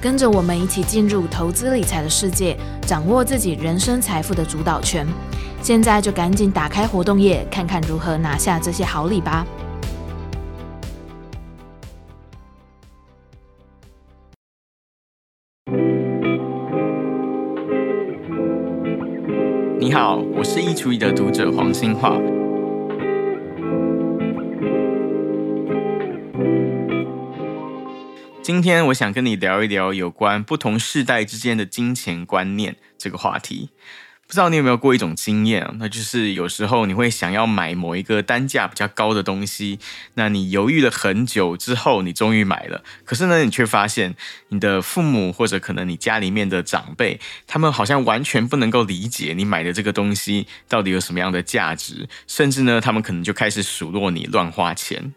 跟着我們一起進入投資理財的世界，掌握自己人生財富的主導權。現在就趕緊打開活動頁，看看如何拿下這些好禮吧！你好，我是一除一的讀者黃星樺。今天我想跟你聊一聊有關不同世代之間的金錢觀念這個話題。不知道你有沒有過一種經驗啊？那就是有時候你會想要買某一個單價比較高的東西，那你猶豫了很久之後，你終於買了。可是呢，你卻發現你的父母或者可能你家裡面的長輩，他們好像完全不能夠理解你買的這個東西到底有什麼樣的價值，甚至呢，他們可能就開始數落你亂花錢。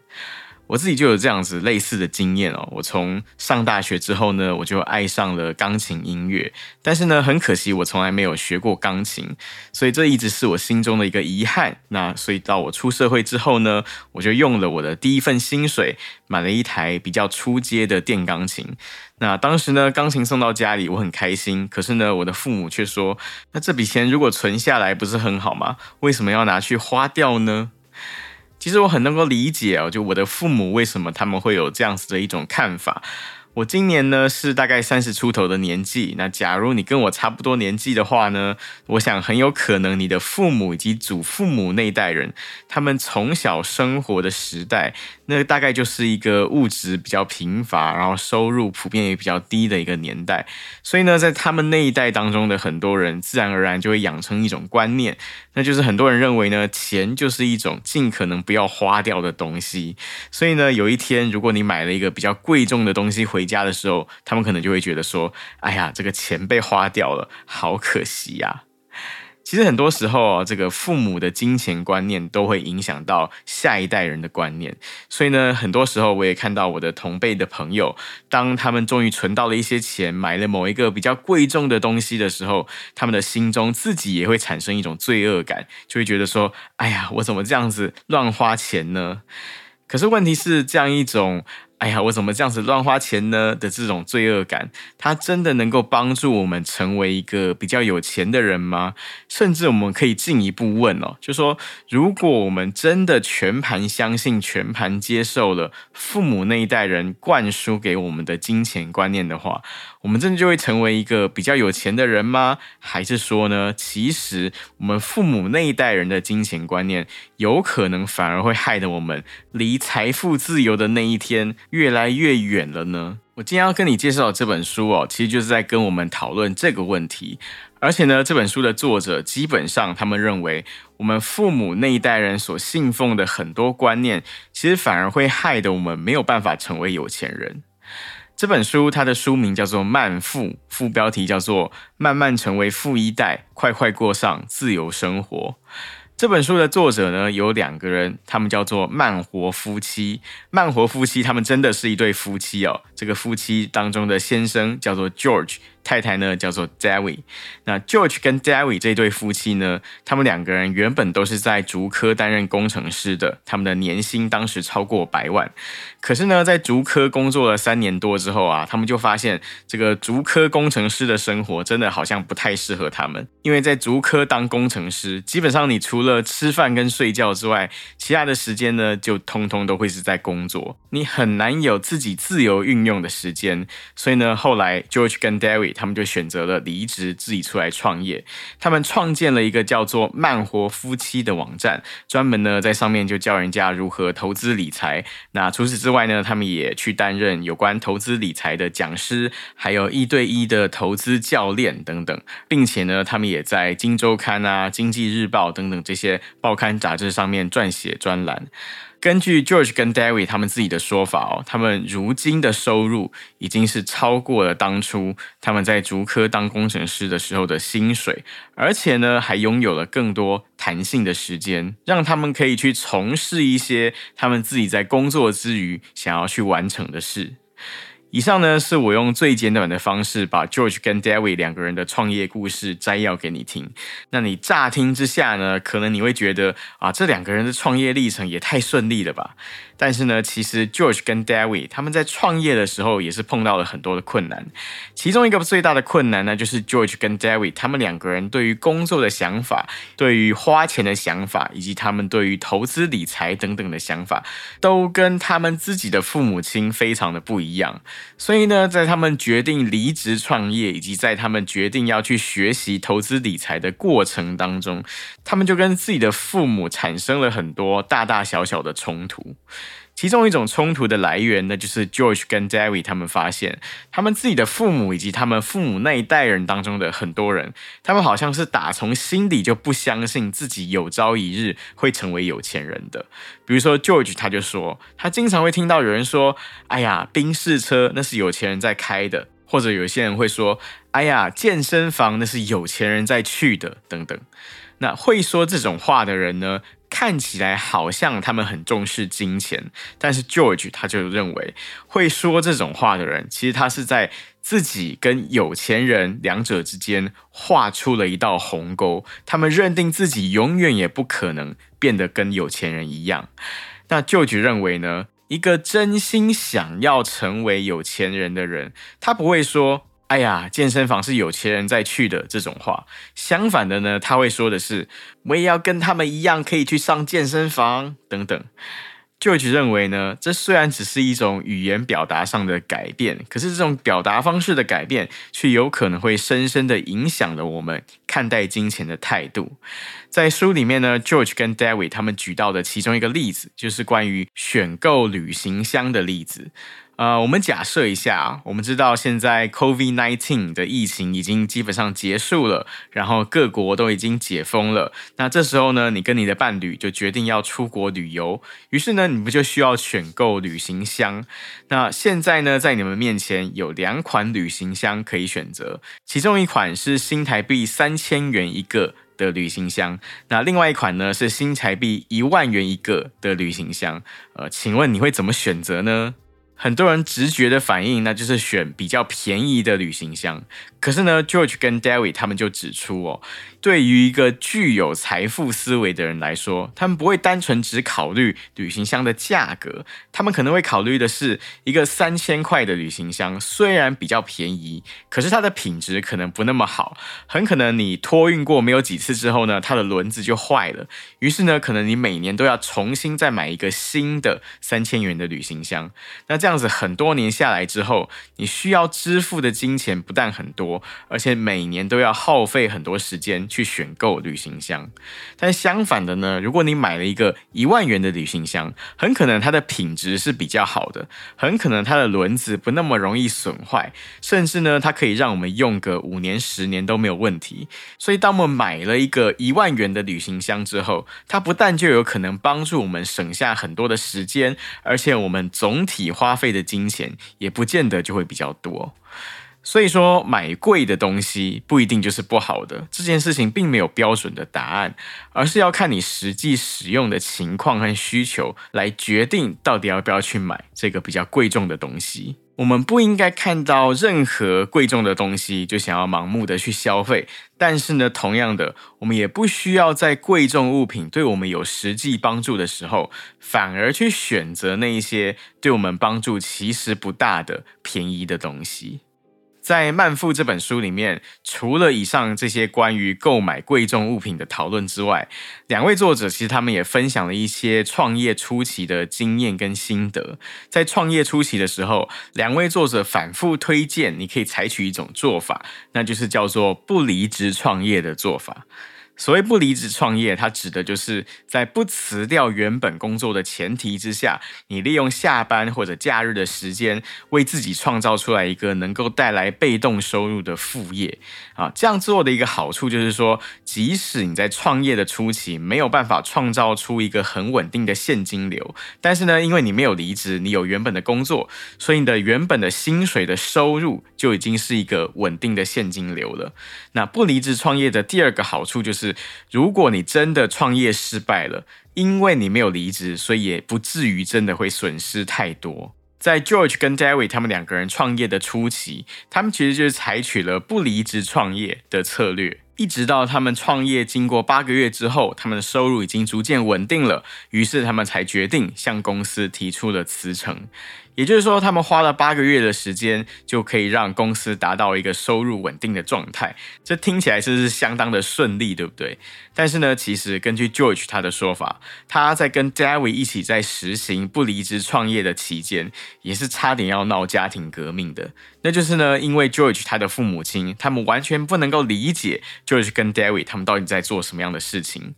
我自己就有這樣子類似的經驗哦。我從上大學之後呢，我就愛上了鋼琴音樂，但是呢，很可惜我從來沒有學過鋼琴，所以這一直是我心中的一個遺憾。那所以到我出社會之後呢，我就用了我的第一份薪水，買了一台比較初階的電鋼琴。那當時呢，鋼琴送到家裡，我很開心。可是呢，我的父母卻說：“那這筆錢如果存下來不是很好嗎？為什麼要拿去花掉呢？”其實我很能夠理解哦，就我的父母為什麼他們會有這樣子的一種看法。我今年呢是大概三十出頭的年紀。那假如你跟我差不多年紀的話呢，我想很有可能你的父母以及祖父母那一代人，他們從小生活的時代，那大概就是一個物質比較貧乏，然後收入普遍也比較低的一個年代。所以呢，在他們那一代當中的很多人，自然而然就會養成一種觀念，那就是很多人認為呢，錢就是一種盡可能不要花掉的東西。所以呢，有一天如果你買了一個比較貴重的東西回家，家的時候，他們可能就會覺得說：“哎呀，這個錢被花掉了，好可惜呀。”其實很多時候啊，這個父母的金錢觀念都會影響到下一代人的觀念。所以呢，很多時候我也看到我的同輩的朋友，當他們終於存到了一些錢，買了某一個比較貴重的東西的時候，他們的心中自己也會產生一種罪惡感，就會覺得說：“哎呀，我怎麼這樣子亂花錢呢？”可是問題是這樣一種。哎呀，我怎麼這樣子亂花錢呢？」的這種罪惡感，它真的能夠幫助我們成為一個比較有錢的人嗎？甚至我們可以進一步問哦，就說如果我們真的全盤相信、全盤接受了父母那一代人灌輸給我們的金錢觀念的話。我們真的就會成為一個比較有錢的人嗎？還是說呢，其實我們父母那一代人的金錢觀念，有可能反而會害得我們離財富自由的那一天越來越遠了呢？我今天要跟你介紹這本書哦，其實就是在跟我們討論這個問題。而且呢，這本書的作者基本上他們認為，我們父母那一代人所信奉的很多觀念，其實反而會害得我們沒有辦法成為有錢人。這本書它的書名叫做《慢富》，副標題叫做“慢慢成為富一代，快快過上自由生活”。這本書的作者呢有兩個人，他們叫做“慢活夫妻”。慢活夫妻，他們真的是一對夫妻哦。這個夫妻當中的先生叫做 George。太太呢叫做 David。那 George 跟 David 這對夫妻呢，他們兩個人原本都是在竹科擔任工程師的，他們的年薪當時超過百萬。可是呢，在竹科工作了三年多之後啊，他們就發現這個竹科工程師的生活真的好像不太適合他們，因為在竹科當工程師，基本上你除了吃飯跟睡覺之外，其他的時間呢就通通都會是在工作，你很難有自己自由運用的時間。所以呢，後來 George 跟 David 他們就選擇了離職，自己出來創業。他們創建了一個叫做“慢活夫妻”的網站，專門呢在上面就教人家如何投資理財。那除此之外呢，他們也去擔任有關投資理財的講師，還有一對一的投資教練等等，並且呢，他們也在《今周刊》啊、《經濟日報》等等這些報刊雜誌上面撰寫專欄。根據 George 跟 David 他們自己的說法哦，他們如今的收入已經是超過了當初他們在竹科當工程師的時候的薪水，而且呢，還擁有了更多彈性的時間，讓他們可以去從事一些他們自己在工作之餘想要去完成的事。以上呢，是我用最簡短的方式把 George 跟 David 兩個人的創業故事摘要給你聽。那你乍聽之下呢，可能你會覺得啊，這兩個人的創業歷程也太順利了吧？但是呢，其實 George 跟 David 他們在創業的時候也是碰到了很多的困難。其中一個最大的困難呢，就是 George 跟 David 他們兩個人對於工作的想法、對於花錢的想法，以及他們對於投資理財等等的想法，都跟他們自己的父母親非常的不一樣。所以呢，在他們決定離職創業，以及在他們決定要去學習投資理財的過程當中，他們就跟自己的父母產生了很多大大小小的衝突。其中一種衝突的來源呢，就是 George 跟 David 他們發現，他們自己的父母以及他們父母那一代人當中的很多人，他們好像是打從心底就不相信自己有朝一日會成為有錢人的。比如說 George 他就說，他經常會聽到有人說：“哎呀，賓士車那是有錢人在開的”，或者有些人會說：“哎呀，健身房那是有錢人在去的”等等。那會說這種話的人呢？看起來好像他們很重視金錢，但是 George 他就認為，會說這種話的人，其實他是在自己跟有錢人兩者之間畫出了一道鴻溝。他們認定自己永遠也不可能變得跟有錢人一樣。那 George 認為呢，一個真心想要成為有錢人的人，他不會說，哎呀，健身房是有錢人在去的這種話。相反的呢，他會說的是，我也要跟他們一樣，可以去上健身房等等。George 認為呢，這雖然只是一種語言表達上的改變，可是這種表達方式的改變，却有可能會深深的影響了我們看待金錢的態度。在書裡面呢，George 跟 David 他們舉到的其中一個例子，就是關於選購旅行箱的例子。呃，我們假設一下，我們知道現在 COVID-19 的疫情已經基本上結束了，然後各國都已經解封了。那這時候呢，你跟你的伴侶就決定要出國旅遊，於是呢，你不就需要選購旅行箱？那現在呢，在你們面前有兩款旅行箱可以選擇，其中一款是新台幣三千元一個的旅行箱，那另外一款呢是新台幣一萬元一個的旅行箱。呃，請問你會怎麼選擇呢？很多人直覺的反應，那就是選比較便宜的旅行箱。可是呢，George 跟 David 他們就指出哦，對於一個具有財富思維的人來說，他們不會單純只考慮旅行箱的價格，他們可能會考慮的是，一個三千塊的旅行箱雖然比較便宜，可是它的品質可能不那麼好，很可能你托運過沒有幾次之後呢，它的輪子就壞了。於是呢，可能你每年都要重新再買一個新的三千元的旅行箱。那這樣的話，這樣子很多年下來之後，你需要支付的金錢不但很多，而且每年都要耗費很多時間去選購旅行箱。但相反的呢，如果你買了一個一萬元的旅行箱，很可能它的品質是比較好的，很可能它的輪子不那麼容易損壞，甚至呢，它可以讓我們用個五年、十年都沒有問題。所以，當我們買了一個一萬元的旅行箱之後，它不但就有可能幫助我們省下很多的時間，而且我們總體花費費的金錢也不見得就會比較多，所以說，買貴的東西不一定就是不好的，這件事情並沒有標準的答案，而是要看你實際使用的情況和需求來決定到底要不要去買這個比較貴重的東西。我們不應該看到任何貴重的東西就想要盲目的去消費，但是呢，同樣的，我們也不需要在貴重物品對我們有實際幫助的時候，反而去選擇那一些對我們幫助其實不大的便宜的東西。在《慢富》這本書裡面，除了以上這些關於購買貴重物品的討論之外，兩位作者其實他們也分享了一些創業初期的經驗跟心得。在創業初期的時候，兩位作者反覆推薦你可以採取一種做法，那就是叫做不離職創業的做法。所謂不離職創業，它指的就是在不辭掉原本工作的前提之下，你利用下班或者假日的時間，為自己創造出來一個能夠帶來被動收入的副業。啊，這樣做的一個好處就是說，即使你在創業的初期沒有辦法創造出一個很穩定的現金流，但是呢，因為你沒有離職，你有原本的工作，所以你的原本的薪水的收入就已經是一個穩定的現金流了。那不離職創業的第二個好處就是。如果你真的創業失敗了，因為你沒有離職，所以也不至於真的會損失太多。在 George 跟 David 他們兩個人創業的初期，他們其實就是採取了不離職創業的策略。一直到他們創業經過八個月之後，他們的收入已經逐漸穩定了，於是他們才決定向公司提出了辭呈。也就是說，他們花了八個月的時間就可以讓公司達到一個收入穩定的狀態，這聽起來是，是相當的順利，對不對？但是呢，其實根據 George 他的說法，他在跟 David 一起在實行不離職創業的期間，也是差點要鬧家庭革命的。那就是呢，因為 George 他的父母親，他們完全不能夠理解。George 跟 David 他們到底在做什麼樣的事情？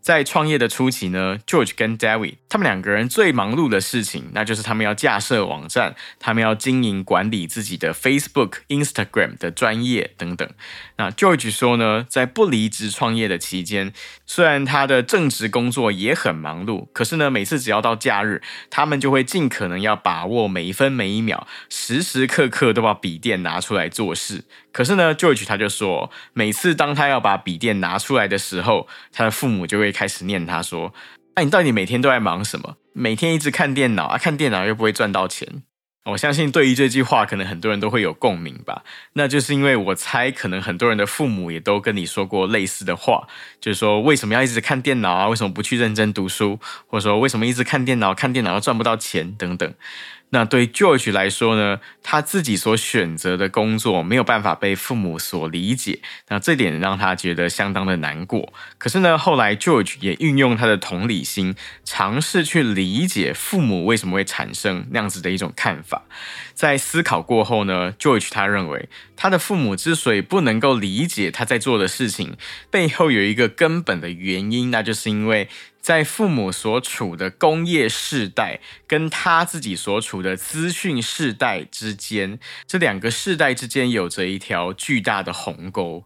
在創業的初期呢，George 跟 David 他們兩個人最忙碌的事情，那就是他們要架設網站，他們要經營管理自己的 Facebook、Instagram 的專業等等。那 George 說呢，在不離職創業的期間，雖然他的正職工作也很忙碌，可是呢，每次只要到假日，他們就會盡可能要把握每一分每一秒，時時刻刻都把筆電拿出來做事。可是呢，George 他就說，每次當他要把筆電拿出來的時候，他的父母就會開始念他說：“哎，你到底每天都在忙什麼？每天一直看電腦啊，看電腦又不會賺到錢。”我相信對於這句話，可能很多人都會有共鳴吧。那就是因為我猜，可能很多人的父母也都跟你說過類似的話，就是說，為什麼要一直看電腦啊？為什麼不去認真讀書？或者說為什麼一直看電腦？看電腦又賺不到錢等等。那對 George 來說呢，他自己所選擇的工作沒有辦法被父母所理解，那這點讓他覺得相當的難過。可是呢，後來 George 也運用他的同理心，嘗試去理解父母為什麼會產生那樣子的一種看法。在思考過後呢，George 他認為，他的父母之所以不能夠理解他在做的事情，背後有一個根本的原因，那就是因為在父母所處的工業世代跟他自己所處的資訊世代之間，這兩個世代之間有着一條巨大的鴻溝。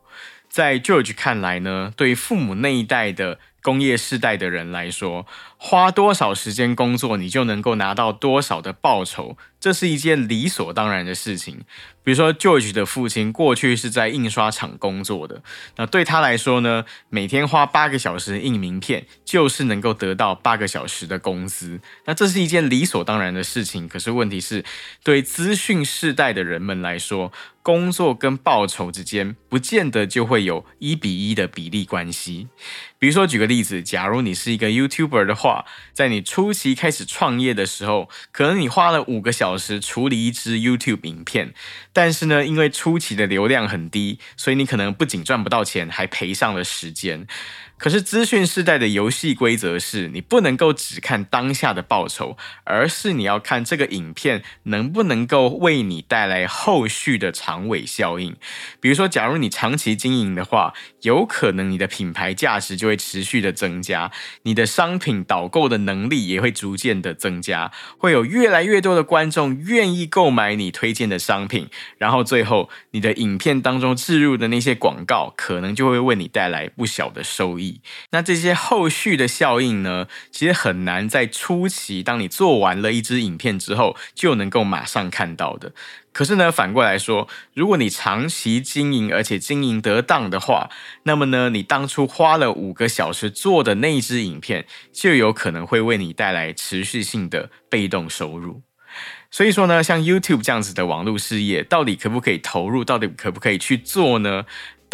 在 George 看來呢，對父母那一代的工業世代的人來說，花多少時間工作，你就能夠拿到多少的報酬。這是一件理所當然的事情。比如說，George 的父親過去是在印刷廠工作的。那對他來說呢，每天花八個小時的印名片，就是能夠得到八個小時的工資。那這是一件理所當然的事情。可是問題是對資訊世代的人們來說，工作跟報酬之間不見得就會有一比一的比例關係。比如說，舉個例子，假如你是一個 YouTuber 的話，在你初期開始創業的時候，可能你花了五個小。是處理一支 YouTube 影片，但是呢，因為初期的流量很低，所以你可能不僅賺不到錢，還賠上了時間。可是資訊時代的遊戲規則是你不能夠只看當下的報酬，而是你要看這個影片能不能夠為你帶來後續的長尾效應。比如說，假如你長期經營的話，有可能你的品牌價值就會持續的增加，你的商品導購的能力也會逐漸的增加，會有越來越多的觀眾願意購買你推薦的商品，然後最後你的影片當中置入的那些廣告，可能就會為你帶來不小的收益。那這些後續的效應呢，其實很難在初期，當你做完了一支影片之後，就能夠馬上看到的。可是呢，反過來說，如果你長期經營，而且經營得當的話，那麼呢，你當初花了五個小時做的那一支影片，就有可能會為你帶來持續性的被動收入。所以說呢，像 YouTube 這樣子的網絡事業，到底可不可以投入？到底可不可以去做呢？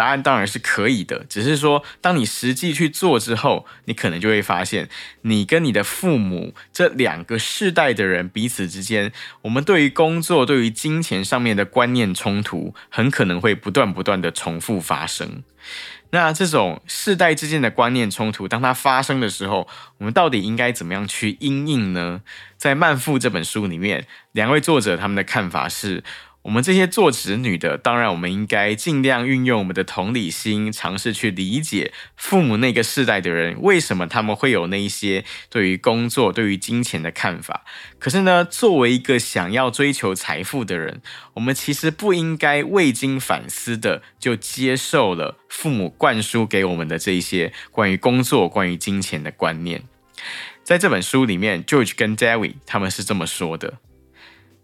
答案當然是可以的，只是說，當你實際去做之後，你可能就會發現，你跟你的父母這兩個世代的人彼此之間，我們對於工作、對於金錢上面的觀念衝突，很可能會不斷不斷的重複發生。那這種世代之間的觀念衝突，當它發生的時候，我們到底應該怎麼樣去因應呢？在《慢富》這本書裡面，兩位作者他們的看法是。我們這些做子女的，當然我們應該盡量運用我們的同理心，嘗試去理解父母那個世代的人為什麼他們會有那一些對於工作、對於金錢的看法。可是呢，作為一個想要追求財富的人，我們其實不應該未經反思的就接受了父母灌輸給我們的這一些關於工作、關於金錢的觀念。在這本書裡面，George 跟 David 他們是這麼說的：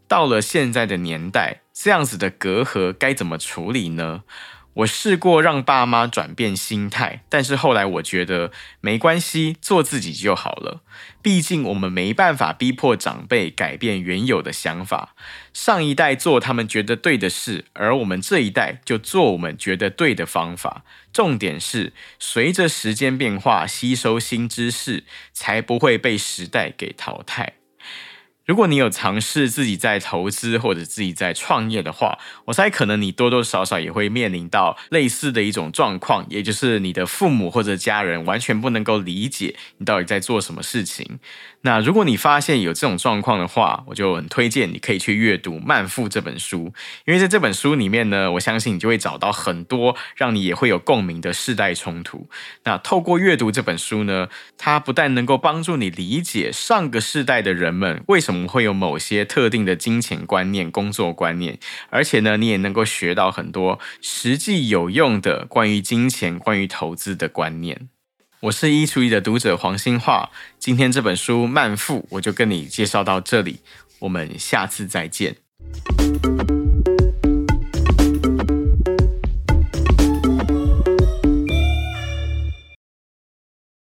到了現在的年代。這樣子的隔閡該怎麼處理呢？我試過讓爸媽轉變心態，但是後來我覺得沒關係，做自己就好了。畢竟我們沒辦法逼迫長輩改變原有的想法。上一代做他們覺得對的事，而我們這一代就做我們覺得對的方法。重點是隨着時間變化，吸收新知識，才不會被時代給淘汰。如果你有嘗試自己在投資或者自己在創業的話，我猜可能你多多少少也會面臨到類似的一種狀況，也就是你的父母或者家人完全不能夠理解你到底在做什麼事情。那如果你發現有這種狀況的話，我就很推薦你可以去閱讀《慢富》這本書，因為在這本書裡面呢，我相信你就會找到很多讓你也會有共鳴的世代衝突。那透過閱讀這本書呢，它不但能夠幫助你理解上個世代的人們為什麼會有某些特定的金錢觀念、工作觀念，而且呢，你也能夠學到很多實際有用的關於金錢、關於投資的觀念。我是一廚一的讀者黃星樺，今天這本書慢富，我就跟你介紹到這裡，我們下次再見。